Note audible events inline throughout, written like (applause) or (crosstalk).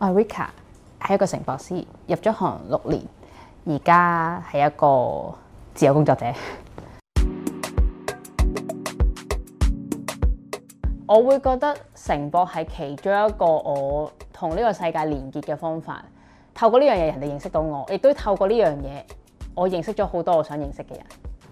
我係 Rika，係一個繩縛師，入咗行六年，而家係一個自由工作者。我會覺得繩縛係其中一個我同呢個世界連結嘅方法，透過呢樣嘢人哋認識到我，亦都透過呢樣嘢我認識咗好多我想認識嘅人。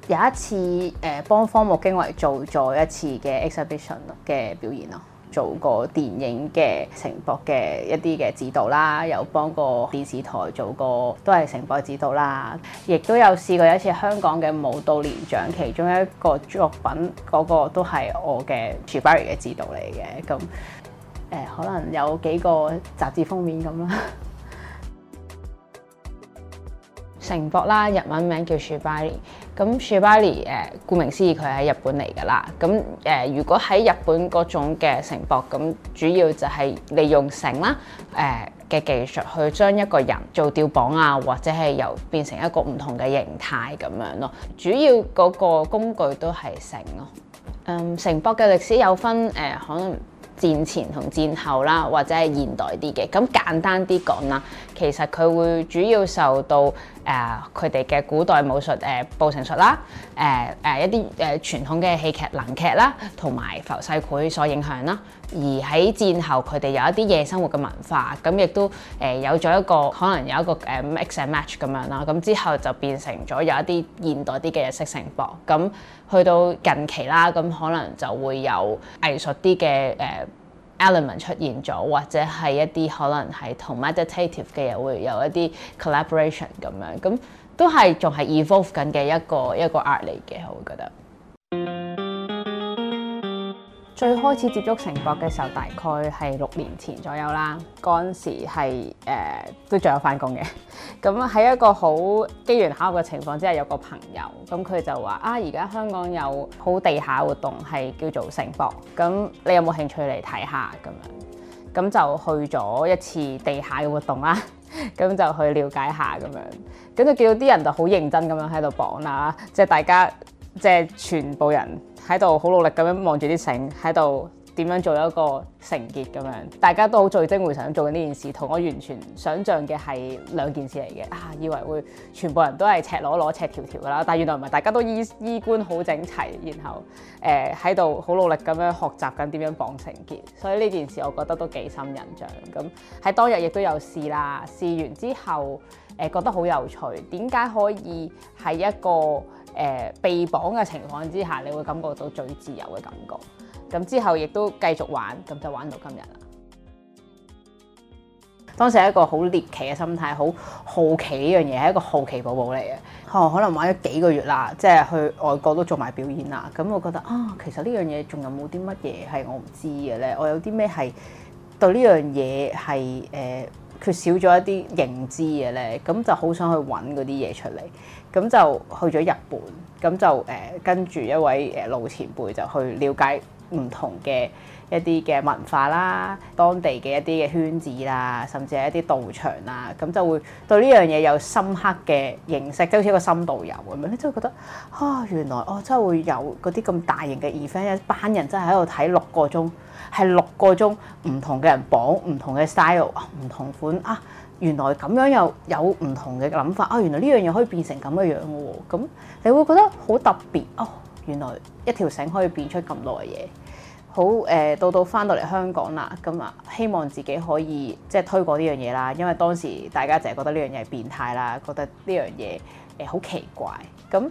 有一次誒、呃、幫荒木經惟做咗一次嘅 exhibition 嘅表演咯。做過電影嘅繩縛嘅一啲嘅指導啦，有幫過電視台做過都係繩縛指導啦，亦都有試過有一次香港嘅舞蹈年獎其中一個作品嗰、那個都係我嘅 Shibari 嘅指導嚟嘅，咁、呃、可能有幾個雜誌封面咁啦， (laughs) 繩縛啦，日文名叫 Shibari。咁 Shibari 誒，Sh ari，顧名思義，佢喺日本嚟噶啦。咁誒，如果喺日本各種嘅繩縛，咁主要就係利用繩啦誒嘅技術去將一個人做吊綁啊，或者係由變成一個唔同嘅形態咁樣咯。主要嗰個工具都係繩咯。嗯，繩縛嘅歷史有分誒、呃，可能。戰前同戰後啦，或者係現代啲嘅，咁簡單啲講啦，其實佢會主要受到誒佢哋嘅古代武術誒捕繩術啦，誒、呃、誒、呃呃、一啲誒傳統嘅戲劇能劇啦，同埋浮世繪所影響啦。而喺戰後，佢哋有一啲夜生活嘅文化，咁亦都誒有咗一個可能有一個誒 mix and match 咁樣啦。咁之後就變成咗有一啲現代啲嘅日式繩縛。咁去到近期啦，咁可能就會有藝術啲嘅誒 element 出現咗，或者係一啲可能係同 meditative 嘅嘢會有一啲 collaboration 咁樣。咁都係仲係 evolve 緊嘅一個一個 art 嚟嘅，我覺得。最開始接觸繩縛嘅時候，大概係六年前左右啦。嗰陣時係、呃、都仲有返工嘅，咁 (laughs) 喺一個好機緣巧合嘅情況之下，有個朋友咁佢就話：啊，而家香港有好地下活動，係叫做繩縛，咁你有冇興趣嚟睇下咁樣？咁就去咗一次地下嘅活動啦，咁 (laughs) 就去了解下咁樣，咁就見到啲人就好認真咁樣喺度綁啦，即係大家即係全部人。喺度好努力咁樣望住啲繩，喺度點樣做一個成結咁樣，大家都好聚精會神做緊呢件事，同我完全想像嘅係兩件事嚟嘅。啊，以為會全部人都係赤裸裸、赤條條噶啦，但原來唔係，大家都衣衣冠好整齊，然後誒喺度好努力咁樣學習緊點樣綁成結，所以呢件事我覺得都幾深印象。咁喺當日亦都有試啦，試完之後誒、呃、覺得好有趣，點解可以係一個？誒被綁嘅情況之下，你會感覺到最自由嘅感覺。咁之後亦都繼續玩，咁就玩到今日啦。當時係一個好獵奇嘅心態，好好奇呢樣嘢，係一個好奇寶寶嚟嘅。可能玩咗幾個月啦，即係去外國都做埋表演啦。咁我覺得啊、哦，其實有有呢樣嘢，仲有冇啲乜嘢係我唔知嘅咧？我有啲咩係對呢樣嘢係誒？呃缺少咗一啲認知嘅咧，咁就好想去揾嗰啲嘢出嚟，咁就去咗日本，咁就誒、呃、跟住一位誒、呃、老前輩就去了解。唔同嘅一啲嘅文化啦，當地嘅一啲嘅圈子啦，甚至係一啲道場啊，咁就會對呢樣嘢有深刻嘅認識，即好似一個深度遊咁樣，你真係覺得啊，原來哦真係會有嗰啲咁大型嘅 event，一班人真係喺度睇六個鐘，係六個鐘唔同嘅人綁唔同嘅 style，唔同款啊，原來咁樣又有唔同嘅諗法啊，原來呢樣嘢可以變成咁嘅樣喎、啊，咁你會覺得好特別哦。啊原來一條繩可以變出咁多嘢，好誒、呃，到到翻到嚟香港啦，咁啊，希望自己可以即係推廣呢樣嘢啦，因為當時大家淨係覺得呢樣嘢變態啦，覺得呢樣嘢誒好奇怪，咁誒、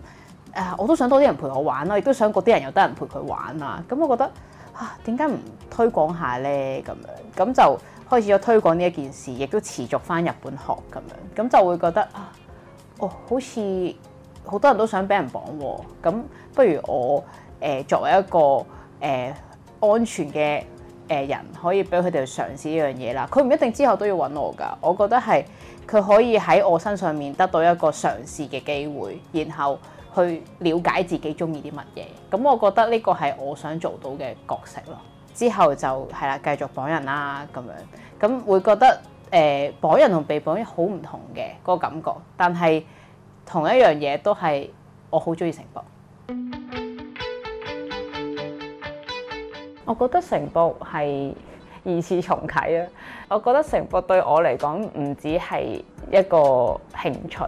呃、我都想多啲人陪我玩啦，亦都想嗰啲人有得人陪佢玩啦，咁我覺得啊，點解唔推廣下呢？咁樣咁就開始咗推廣呢一件事，亦都持續翻日本學咁樣，咁就會覺得啊，哦，好似～好多人都想俾人綁喎，咁不如我誒、呃、作為一個誒、呃、安全嘅誒人，可以俾佢哋去嘗試呢樣嘢啦。佢唔一定之後都要揾我㗎，我覺得係佢可以喺我身上面得到一個嘗試嘅機會，然後去了解自己中意啲乜嘢。咁我覺得呢個係我想做到嘅角色咯。之後就係啦，繼續綁人啦咁樣，咁會覺得誒、呃、綁人同被綁人好唔同嘅、個感覺，但係，同一樣嘢都係我好中意繩縛。我覺得繩縛係二次重啟啦。我覺得繩縛對我嚟講唔止係一個興趣，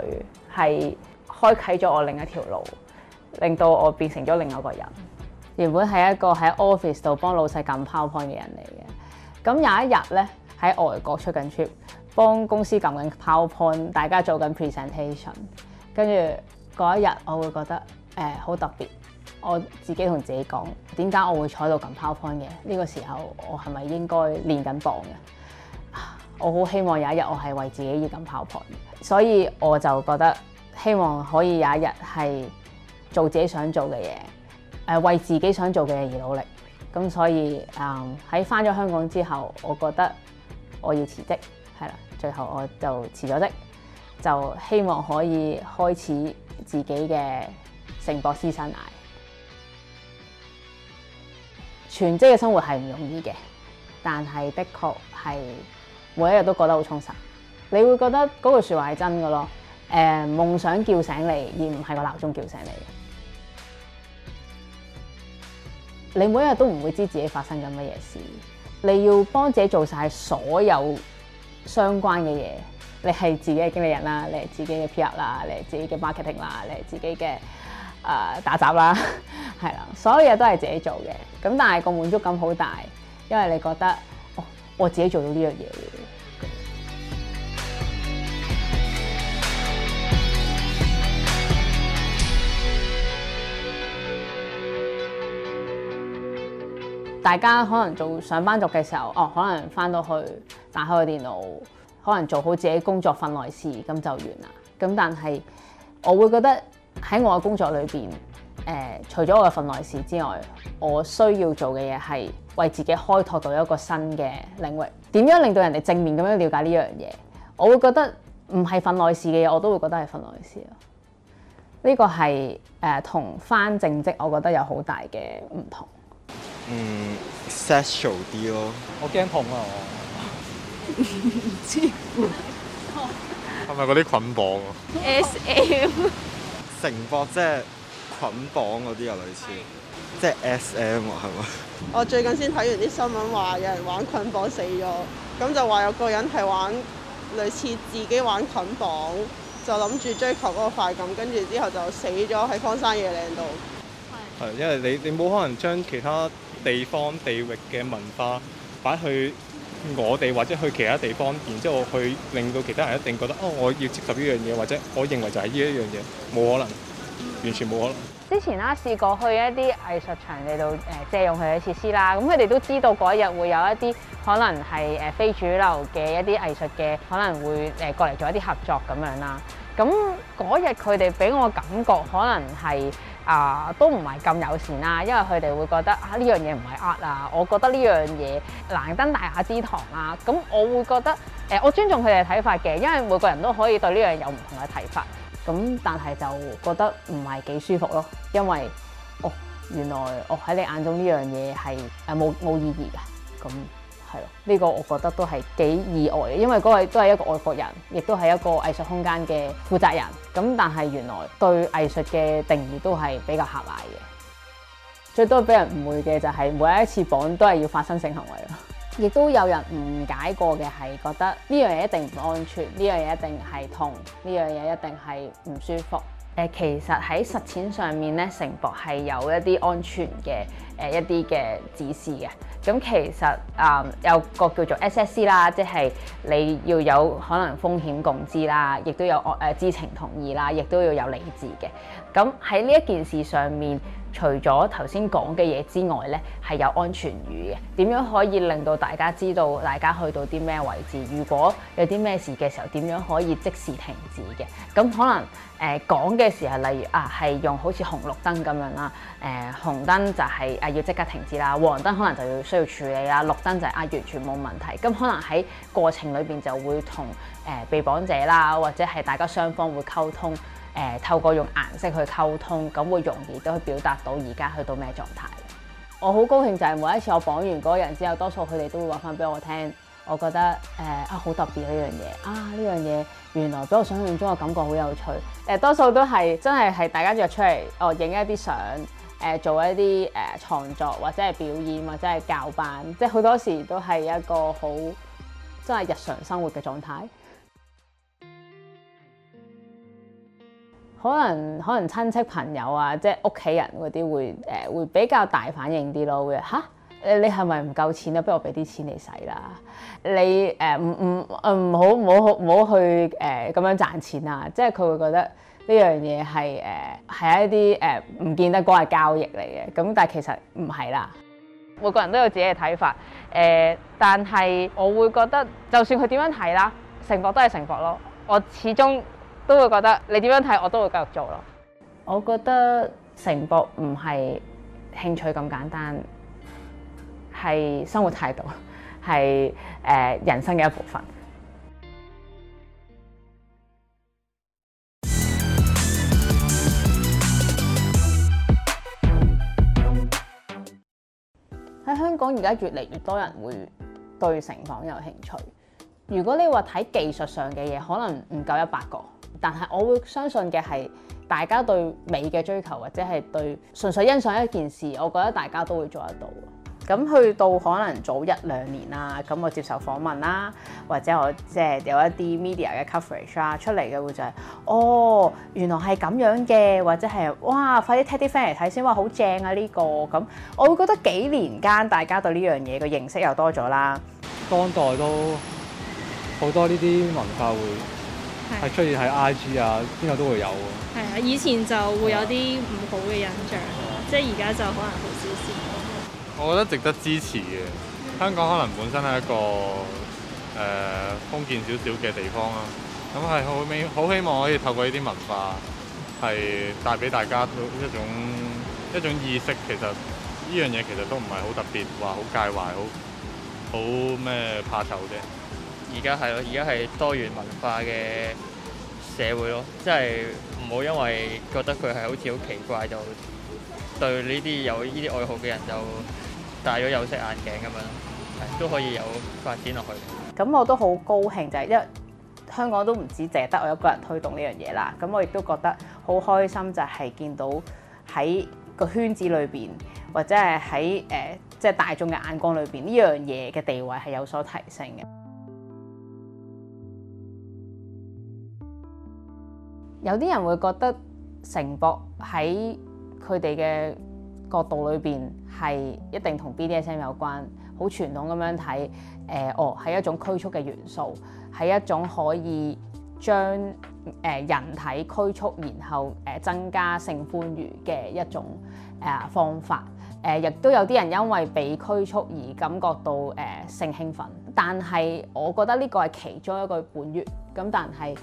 係開啟咗我另一條路，令到我變成咗另外一個人。原本係一個喺 office 度幫老細撳 PowerPoint 嘅人嚟嘅。咁有一日呢，喺外國出緊 trip，幫公司撳緊 PowerPoint，大家做緊 presentation。跟住嗰一日，我會覺得誒好、呃、特別。我自己同自己講，點解我會彩到咁 powerful 嘅？呢、這個時候我係咪應該練緊磅嘅？我好、啊、希望有一日我係為自己要咁 powerful。所以我就覺得希望可以有一日係做自己想做嘅嘢，誒、呃、為自己想做嘅嘢而努力。咁所以誒喺返咗香港之後，我覺得我要辭職，係啦，最後我就辭咗職。就希望可以開始自己嘅繩縛師生涯。全職嘅生活係唔容易嘅，但係的確係每一日都過得好充實。你會覺得嗰句説話係真嘅咯。誒、呃，夢想叫醒你，而唔係個鬧鐘叫醒你。你每一日都唔會知自己發生緊乜嘢事，你要幫自己做晒所有相關嘅嘢。你係自己嘅經理人啦，你係自己嘅 PR 啦，你係自己嘅 marketing 啦，你係自己嘅誒、呃、打雜啦，係 (laughs) 啦，所有嘢都係自己做嘅。咁但係個滿足感好大，因為你覺得哦，我自己做到呢樣嘢。大家可能做上班族嘅時候，哦，可能翻到去打開個電腦。可能做好自己工作份內事咁就完啦。咁但係我會覺得喺我嘅工作裏邊，誒、呃、除咗我嘅份內事之外，我需要做嘅嘢係為自己開拓到一個新嘅領域。點樣令到人哋正面咁樣了解呢樣嘢？我會覺得唔係份內事嘅嘢，我都會覺得係份內事咯。呢、呢個係誒同翻正職，呃、我覺得有好大嘅唔同。嗯、哦、Sensual 啲咯，我驚痛啊！我唔知， (laughs) 係咪嗰啲捆綁啊？SM (laughs) 成博即係捆綁嗰啲啊，類似，是即係 SM 啊，係咪？我最近先睇完啲新聞，話有人玩捆綁死咗，咁就話有個人係玩類似自己玩捆綁，就諗住追求嗰個快感，跟住之後就死咗喺荒山野嶺度。係是，因為你你冇可能將其他地方地域嘅文化擺去。我哋或者去其他地方，然之後去令到其他人一定覺得哦，我要接受呢樣嘢，或者我認為就係呢一樣嘢，冇可能，完全冇可能。之前啦，試過去一啲藝術場地度誒、呃、借用佢嘅設施啦。咁佢哋都知道嗰日會有一啲可能係誒非主流嘅一啲藝術嘅可能會誒過嚟做一啲合作咁樣啦。咁嗰日佢哋俾我感覺可能係。啊，都唔係咁友善啦，因為佢哋會覺得啊呢樣嘢唔係呃啊，art, 我覺得呢樣嘢難登大雅之堂啦，咁我會覺得誒、呃，我尊重佢哋嘅睇法嘅，因為每個人都可以對呢樣有唔同嘅睇法，咁但係就覺得唔係幾舒服咯，因為哦原來哦喺你眼中呢樣嘢係誒冇冇意義嘅咁。係咯，呢個我覺得都係幾意外，因為嗰位都係一個外國人，亦都係一個藝術空間嘅負責人。咁但係原來對藝術嘅定義都係比較狹隘嘅。最多俾人誤會嘅就係每一次綁都係要發生性行為咯。亦都有人誤解過嘅係覺得呢樣嘢一定唔安全，呢樣嘢一定係痛，呢樣嘢一定係唔舒服。誒，其實喺實踐上面咧，繩縛係有一啲安全嘅誒一啲嘅指示嘅。咁其實誒有個叫做 SSC 啦，即係你要有可能風險共知啦，亦都有我誒知情同意啦，亦都要有理智嘅。咁喺呢一件事上面。除咗頭先講嘅嘢之外呢係有安全語嘅。點樣可以令到大家知道大家去到啲咩位置？如果有啲咩事嘅時候，點樣可以即時停止嘅？咁可能誒講嘅時候，例如啊，係用好似紅綠燈咁樣啦。誒、呃、紅燈就係、是、啊要即刻停止啦，黃燈可能就要需要處理啦，綠燈就係、是、啊完全冇問題。咁可能喺過程裏邊就會同誒、呃、被綁者啦，或者係大家雙方會溝通。誒透過用顏色去溝通，咁會容易都去表達到而家去到咩狀態。我好高興就係每一次我綁完嗰個人之後，多數佢哋都會話翻俾我聽，我覺得誒、呃、啊好特別呢、啊啊、樣嘢啊呢樣嘢原來比我想象中嘅感覺好有趣。誒、呃、多數都係真係係大家約出嚟哦影一啲相，誒、呃、做一啲誒、呃、創作或者係表演或者係教班，即係好多時都係一個好真係日常生活嘅狀態。可能可能親戚朋友啊，即係屋企人嗰啲會誒、呃、會比較大反應啲咯，會嚇誒、啊、你係咪唔夠錢啊？不如我俾啲錢你使啦。你誒唔唔誒唔好唔好唔好去誒咁、呃、樣賺錢啊！即係佢會覺得呢樣嘢係誒係一啲誒唔見得光嘅交易嚟嘅。咁但係其實唔係啦。每個人都有自己嘅睇法誒、呃，但係我會覺得，就算佢點樣睇啦，繩縛都係繩縛咯。我始終。都會覺得你點樣睇，我都會繼續做咯。我覺得繩縛唔係興趣咁簡單，係生活態度，係誒、呃、人生嘅一部分。喺香港而家越嚟越多人會對繩縛有興趣。如果你話睇技術上嘅嘢，可能唔夠一百個。但係我會相信嘅係，大家對美嘅追求或者係對純粹欣賞一件事，我覺得大家都會做得到。咁去到可能早一兩年啦，咁我接受訪問啦，或者我即係、就是、有一啲 media 嘅 coverage 啊出嚟嘅會就係、是，哦原來係咁樣嘅，或者係哇快啲踢啲 friend 嚟睇先，哇好正、這個、啊呢個咁，我會覺得幾年間大家對呢樣嘢嘅認識又多咗啦。當代都好多呢啲文化會。係出現喺 IG 啊，邊個都會有喎。係啊，以前就會有啲唔好嘅印象，嗯、即係而家就可能好少少。我覺得值得支持嘅。香港可能本身係一個誒、呃、封建少少嘅地方啦。咁係好美，好希望可以透過呢啲文化，係帶俾大家一種一種意識。其實呢樣嘢其實都唔係好特別，話好介懷，好好咩怕醜啫。而家係咯，而家係多元文化嘅社會咯，即係唔好因為覺得佢係好似好奇怪，就對呢啲有呢啲愛好嘅人就戴咗有色眼鏡咁樣，都可以有發展落去。咁我都好高興，就係、是、因為香港都唔止淨得我一個人推動呢樣嘢啦。咁我亦都覺得好開心，就係見到喺個圈子裏邊，或者係喺誒即係大眾嘅眼光裏邊，呢樣嘢嘅地位係有所提升嘅。有啲人會覺得繩縛喺佢哋嘅角度裏邊係一定同 BDSM 有關，好傳統咁樣睇。誒、呃，哦，係一種拘束嘅元素，係一種可以將誒、呃、人體拘束，然後誒、呃、增加性歡愉嘅一種誒、呃、方法。誒、呃，亦都有啲人因為被拘束而感覺到誒、呃、性興奮。但係，我覺得呢個係其中一個本源。咁，但係。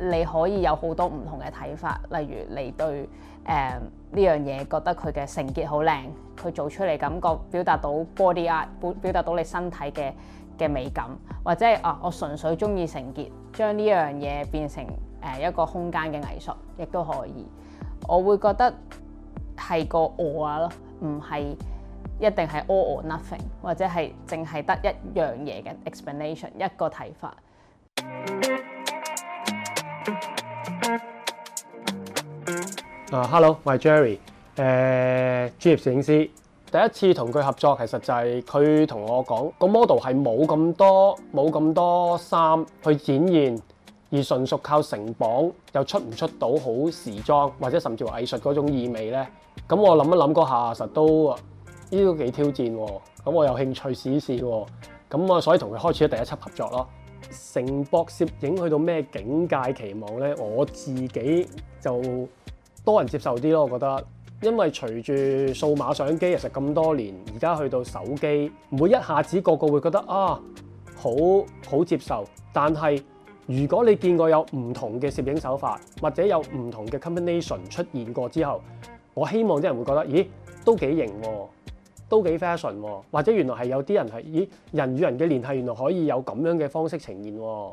你可以有好多唔同嘅睇法，例如你對誒呢樣嘢覺得佢嘅繩結好靚，佢做出嚟感覺表達到 body art 表表達到你身體嘅嘅美感，或者係啊，我純粹中意繩結，將呢樣嘢變成誒、呃、一個空間嘅藝術，亦都可以。我會覺得係個 all 咯，唔係一定係 all or nothing，或者係淨係得一樣嘢嘅 explanation 一個睇法。啊，Hello，我係 Jerry，誒、呃，專業攝影師。第一次同佢合作，其實就係佢同我講個 model 係冇咁多，冇咁多衫，去展現，而純屬靠繩綁，又出唔出到好時裝，或者甚至話藝術嗰種意味咧。咁我諗一諗嗰下，實都呢啲都幾挑戰喎。咁我有興趣試試，咁我所以同佢開始咗第一輯合作咯。繩縛攝影去到咩境界，期望呢？我自己就多人接受啲咯，我覺得，因為隨住數碼相機其實咁多年，而家去到手機，唔會一下子個個會覺得啊好好接受。但係如果你見過有唔同嘅攝影手法，或者有唔同嘅 combination 出現過之後，我希望啲人會覺得，咦，都幾型喎。都幾 fashion 或者原來係有啲人係，咦，人與人嘅聯繫原來可以有咁樣嘅方式呈現喎。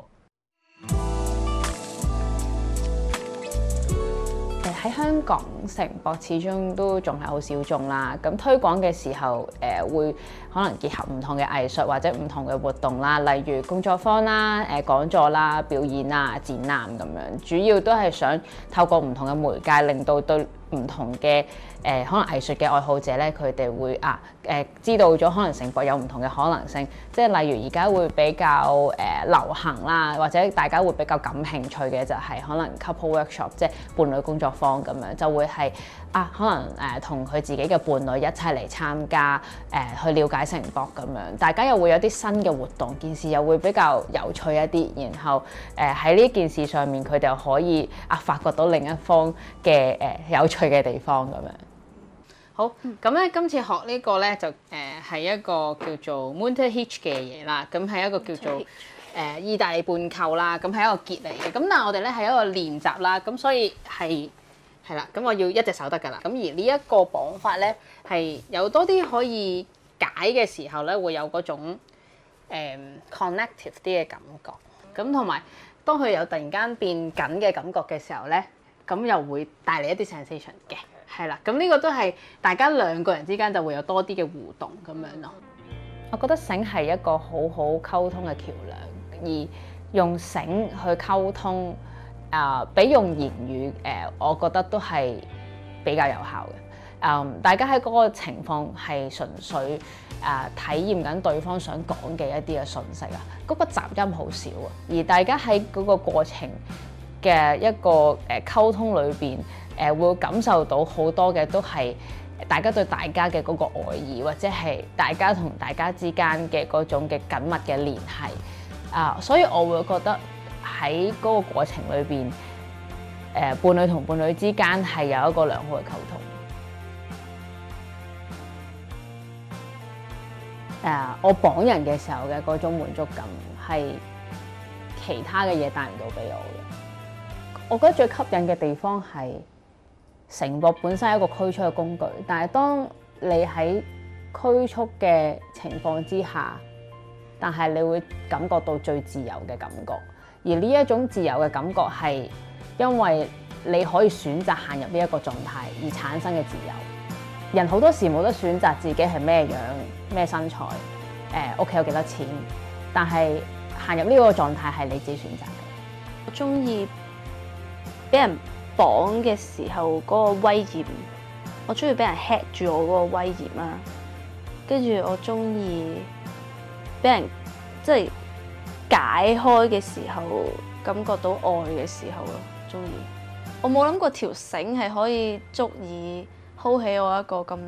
喺香港，繩縛始終都仲係好小眾啦。咁推廣嘅時候，誒、呃、會可能結合唔同嘅藝術或者唔同嘅活動啦，例如工作坊啦、誒、呃、講座啦、表演啦、展覽咁樣。主要都係想透過唔同嘅媒介，令到對唔同嘅誒、呃、可能藝術嘅愛好者咧，佢哋會啊誒、呃、知道咗可能成博有唔同嘅可能性，即係例如而家會比較誒流行啦，或者大家會比較感興趣嘅就係可能 couple workshop，即係伴侶工作坊咁樣，就係、工作坊咁樣就會係啊可能誒同佢自己嘅伴侶一齊嚟參加誒、啊、去了解成博咁樣，大家又會有啲新嘅活動，件事又會比較有趣一啲，然後誒喺呢件事上面佢哋又可以啊，啊發掘到另一方嘅誒有趣。去嘅地方咁樣，好咁咧。今次學個呢個咧就誒係、呃、一個叫做 Munter Hitch 嘅嘢啦，咁係一個叫做誒、呃、意大利半扣啦，咁係一個結嚟嘅。咁但係我哋咧係一個練習啦，咁所以係係啦。咁我要一隻手得噶啦。咁而呢一個綁法咧係有多啲可以解嘅時候咧，會有嗰種、呃、connective 啲嘅感覺。咁同埋當佢有突然間變緊嘅感覺嘅時候咧。咁又會帶嚟一啲 sensation 嘅，係啦。咁呢個都係大家兩個人之間就會有多啲嘅互動咁樣咯。我覺得繩係一個好好溝通嘅橋梁，而用繩去溝通啊、呃，比用言語誒、呃，我覺得都係比較有效嘅。嗯、呃，大家喺嗰個情況係純粹啊、呃呃、體驗緊對方想講嘅一啲嘅訊息啊，嗰、那個雜音好少啊，而大家喺嗰個過程嘅一個誒溝通裏邊誒會感受到好多嘅，都係大家對大家嘅嗰個愛意，或者係大家同大家之間嘅嗰種嘅緊密嘅聯繫啊，uh, 所以我會覺得喺嗰個過程裏邊誒、呃、伴侶同伴侶之間係有一個良好嘅溝通啊！Uh, 我綁人嘅時候嘅嗰種滿足感係其他嘅嘢帶唔到俾我嘅。我覺得最吸引嘅地方係繩縛本身係一個拘束嘅工具，但係當你喺拘束嘅情況之下，但係你會感覺到最自由嘅感覺。而呢一種自由嘅感覺係因為你可以選擇行入呢一個狀態而產生嘅自由。人好多時冇得選擇自己係咩樣、咩身材、呃、屋企有幾多錢，但係行入呢個狀態係你自己選擇嘅。我中意。俾人綁嘅時候嗰個威嚴，我中意俾人吃住我嗰個威嚴啊！跟住我中意俾人即係解開嘅時候，感覺到愛嘅時候咯，中意。 (music) 我冇諗過條繩係可以足以 hold 起我一個咁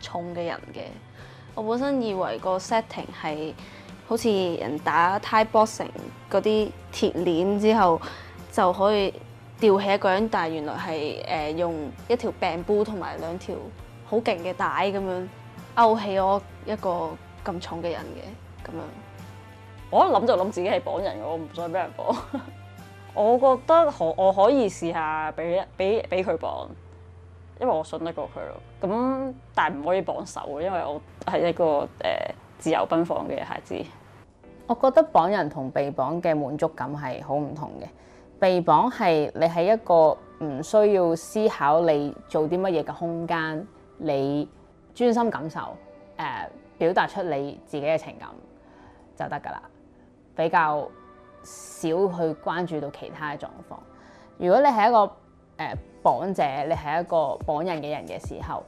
重嘅人嘅。我本身以為個 setting 係好似人打 Thai boxing 嗰啲鐵鏈之後就可以。吊起一個人，但係原來係誒用一條病布同埋兩條好勁嘅帶咁樣勾起我一個咁重嘅人嘅。咁樣，我一諗就諗自己係綁人嘅，我唔想俾人綁。我覺得可我可以試下俾俾俾佢綁，因為我信得過佢咯。咁但係唔可以綁手，因為我係一個誒自由奔放嘅孩子。我覺得綁人同被綁嘅滿足感係好唔同嘅。被綁係你係一個唔需要思考你做啲乜嘢嘅空間，你專心感受，誒、呃、表達出你自己嘅情感就得㗎啦。比較少去關注到其他嘅狀況。如果你係一個誒、呃、綁者，你係一個綁人嘅人嘅時候，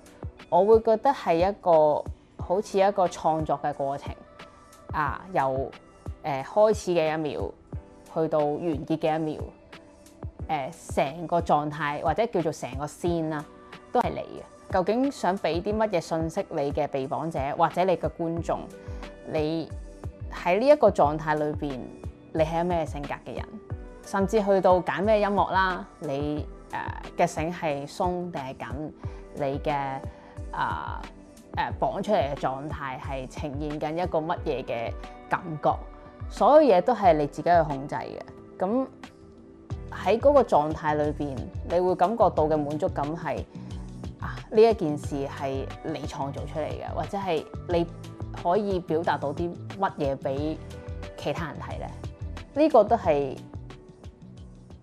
我會覺得係一個好似一個創作嘅過程啊，由誒、呃、開始嘅一秒去到完結嘅一秒。誒，成個狀態或者叫做成個 scene 啦，都係你嘅。究竟想俾啲乜嘢信息你嘅被綁者或者你嘅觀眾？你喺呢一個狀態裏邊，你係咩性格嘅人？甚至去到揀咩音樂啦，你誒嘅繩係鬆定係緊？你嘅啊誒綁出嚟嘅狀態係呈現緊一個乜嘢嘅感覺？所有嘢都係你自己去控制嘅。咁喺嗰個狀態裏邊，你會感覺到嘅滿足感係啊呢一件事係你創造出嚟嘅，或者係你可以表達到啲乜嘢俾其他人睇咧？呢個都係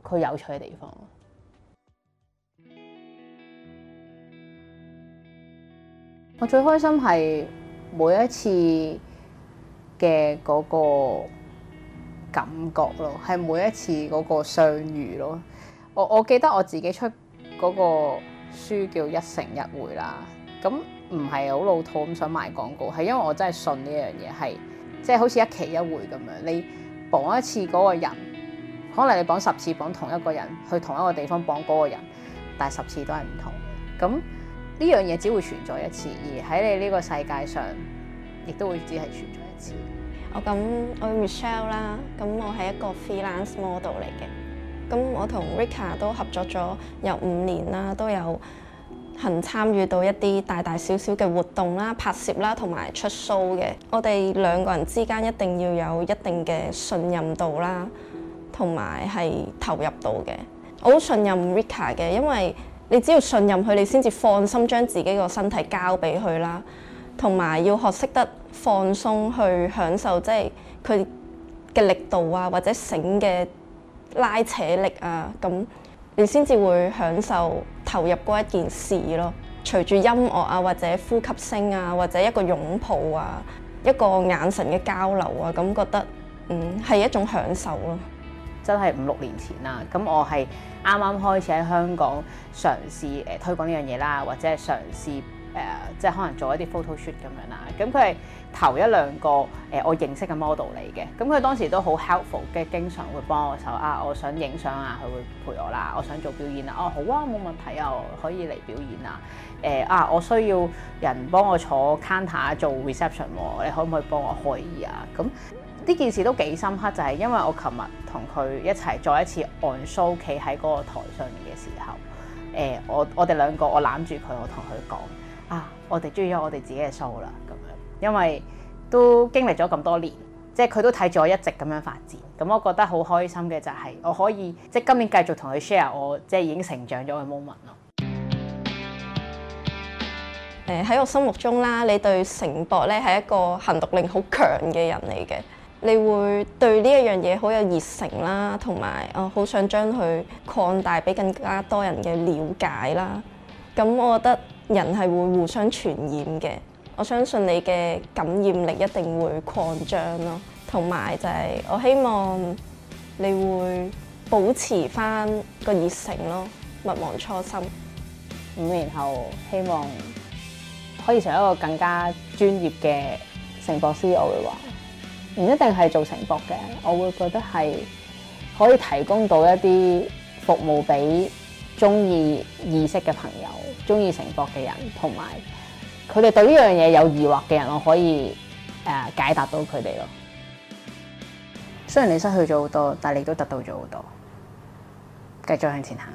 佢有趣嘅地方。我最開心係每一次嘅嗰個感覺咯，係每一次嗰個相遇咯。我我記得我自己出嗰個書叫《一城一會》啦。咁唔係好老土咁想賣廣告，係因為我真係信呢樣嘢，係即係好似一期一會咁樣。你綁一次嗰個人，可能你綁十次綁同一個人，去同一個地方綁嗰個人，但係十次都係唔同。咁呢樣嘢只會存在一次，而喺你呢個世界上，亦都會只係存在一次。我咁 Mich 我 Michelle 啦，咁我係一個 freelance model 嚟嘅，咁我同 Rika 都合作咗有五年啦，都有幸參與到一啲大大小小嘅活動啦、拍攝啦，同埋出 show 嘅。我哋兩個人之間一定要有一定嘅信任度啦，同埋係投入到嘅。我好信任 Rika 嘅，因為你只要信任佢，你先至放心將自己個身體交俾佢啦。同埋要學識得放鬆去享受，即係佢嘅力度啊，或者繩嘅拉扯力啊，咁你先至會享受投入嗰一件事咯、啊。隨住音樂啊，或者呼吸聲啊，或者一個擁抱啊，一個眼神嘅交流啊，咁覺得嗯係一種享受咯、啊。真係五六年前啦，咁我係啱啱開始喺香港嘗試誒推廣呢樣嘢啦，或者係嘗試。誒、呃，即係可能做一啲 photo shoot 咁樣啦。咁佢係頭一兩個誒、呃，我認識嘅 model 嚟嘅。咁、嗯、佢當時都好 helpful 嘅，係經常會幫我手啊。我想影相啊，佢會陪我啦。我想做表演啊，哦、啊、好啊，冇問題啊，可以嚟表演啊。誒、呃、啊，我需要人幫我坐 counter 做 reception、啊、你可唔可以幫我開耳啊？咁、嗯、呢件事都幾深刻，就係、是、因為我琴日同佢一齊再一次 on show，企喺嗰個台上面嘅時候，誒、呃、我我哋兩個我攬住佢，我同佢講。啊！我哋中意咗我哋自己嘅數啦，咁樣，因為都經歷咗咁多年，即係佢都睇住我一直咁樣發展，咁我覺得好開心嘅就係我可以即係今年繼續同佢 share 我即係已經成長咗嘅 moment 咯。喺、呃、我心目中啦，你對繩縛咧係一個行動力好強嘅人嚟嘅，你會對呢一樣嘢好有熱誠啦，同埋啊好想將佢擴大俾更加多人嘅了解啦。咁我覺得。人係會互相傳染嘅，我相信你嘅感染力一定會擴張咯，同埋就係我希望你會保持翻個熱誠咯，勿忘初心。然後希望可以成為一個更加專業嘅繩縛師，我會話唔一定係做繩縛嘅，我會覺得係可以提供到一啲服務俾。中意意識嘅朋友，中意繩縛嘅人，同埋佢哋對呢樣嘢有疑惑嘅人，我可以誒、uh，解答到佢哋咯。雖然你失去咗好多，但係你都得到咗好多，繼續向前行。